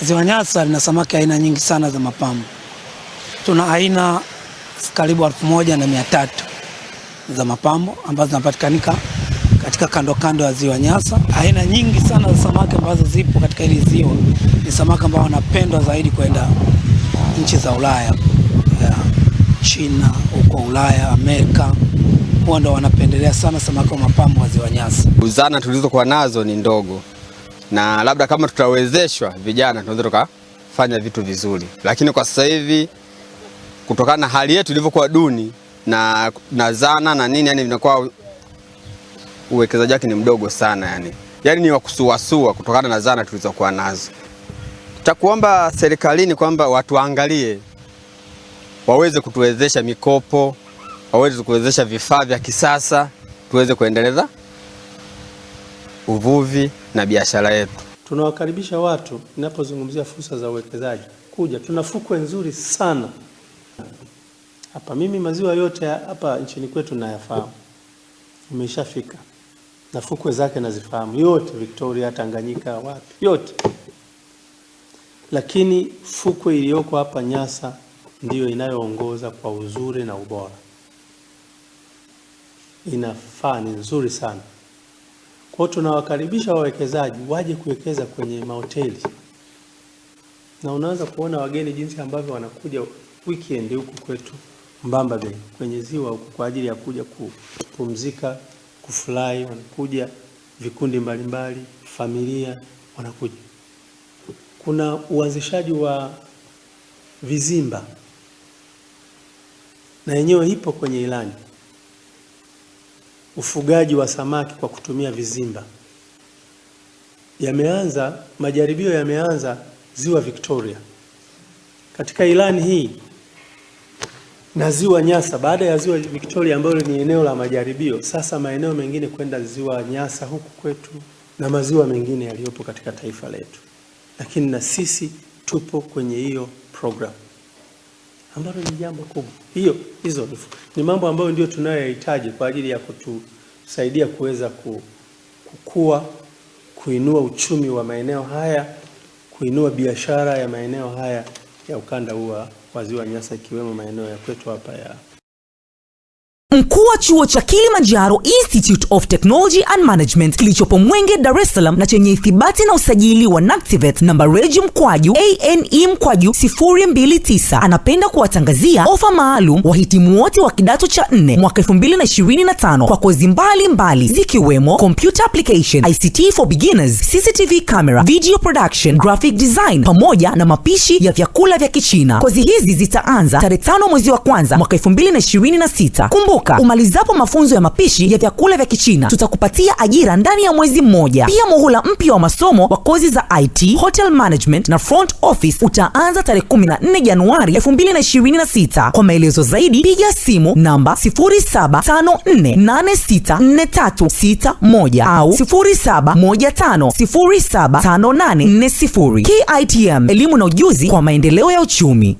Ziwa Nyasa lina samaki aina nyingi sana za mapambo. Tuna aina karibu elfu moja na mia tatu za mapambo ambazo zinapatikanika katika kando kando ya Ziwa Nyasa. Aina nyingi sana za samaki ambazo zipo katika hili ziwa ni samaki ambao wanapendwa zaidi kwenda nchi za Ulaya, China, huko Ulaya, Amerika huwa ndo wanapendelea sana samaki wa mapambo wa Ziwa Nyasa. Zana tulizokuwa nazo ni ndogo na labda kama tutawezeshwa vijana tunaweza tukafanya vitu vizuri, lakini kwa sasa hivi kutokana na hali yetu ilivyokuwa duni na, na zana na nini yani vinakuwa uwekezaji wake ni mdogo sana yani, yani ni wakusuasua kutokana na zana tulizokuwa nazo. takuomba serikalini kwamba watuangalie waweze kutuwezesha mikopo, waweze kutuwezesha vifaa vya kisasa tuweze kuendeleza uvuvi na biashara yetu. Tunawakaribisha watu, ninapozungumzia fursa za uwekezaji, kuja. Tuna fukwe nzuri sana hapa. Mimi maziwa yote hapa nchini kwetu nayafahamu, umeshafika na fukwe zake nazifahamu yote, Victoria, Tanganyika, wapi yote, lakini fukwe iliyoko hapa Nyasa ndiyo inayoongoza kwa uzuri na ubora. Inafaa, ni nzuri sana. Kwa tunawakaribisha wawekezaji waje kuwekeza kwenye mahoteli, na unaweza kuona wageni jinsi ambavyo wanakuja weekend huku kwetu Mbamba Bay kwenye ziwa huku kwa ajili ya kuja kupumzika, kufurahi. Wanakuja vikundi mbalimbali, familia wanakuja. Kuna uanzishaji wa vizimba na yenyewe ipo kwenye ilani ufugaji wa samaki kwa kutumia vizimba. Yameanza majaribio, yameanza ziwa Victoria katika ilani hii na ziwa Nyasa. Baada ya ziwa Victoria ambalo ni eneo la majaribio, sasa maeneo mengine kwenda ziwa Nyasa huku kwetu na maziwa mengine yaliyopo katika taifa letu, lakini na sisi tupo kwenye hiyo program ambalo ni jambo kubwa. Hiyo hizo ni mambo ambayo ndio tunayoyahitaji kwa ajili ya kutusaidia kuweza kukua, kuinua uchumi wa maeneo haya, kuinua biashara ya maeneo haya ya ukanda huu wa Ziwa Nyasa ikiwemo maeneo ya kwetu hapa ya Mkuu wa chuo cha Kilimanjaro Institute of Technology and Management kilichopo Mwenge, Dar es Salaam na chenye ithibati na usajili wa NACTIVET namba reji mkwaju ane mkwaju 029 anapenda kuwatangazia ofa maalum wahitimu wote wa kidato cha 4 mwaka 2025 kwa kozi mbalimbali zikiwemo computer application, ICT for beginners, CCTV camera, video production, graphic design pamoja na mapishi ya vyakula vya Kichina. Kozi hizi zitaanza tarehe 5 mwezi wa kwanza mwaka 2026. Kumbuka kumbuka, umalizapo mafunzo ya mapishi ya vyakula vya Kichina tutakupatia ajira ndani ya mwezi mmoja. Pia muhula mpya wa masomo wa kozi za IT, hotel management na front office utaanza tarehe 14 Januari 2026. Kwa maelezo zaidi piga simu namba 0754864361 au 0715075840. KITM, elimu na ujuzi kwa maendeleo ya uchumi.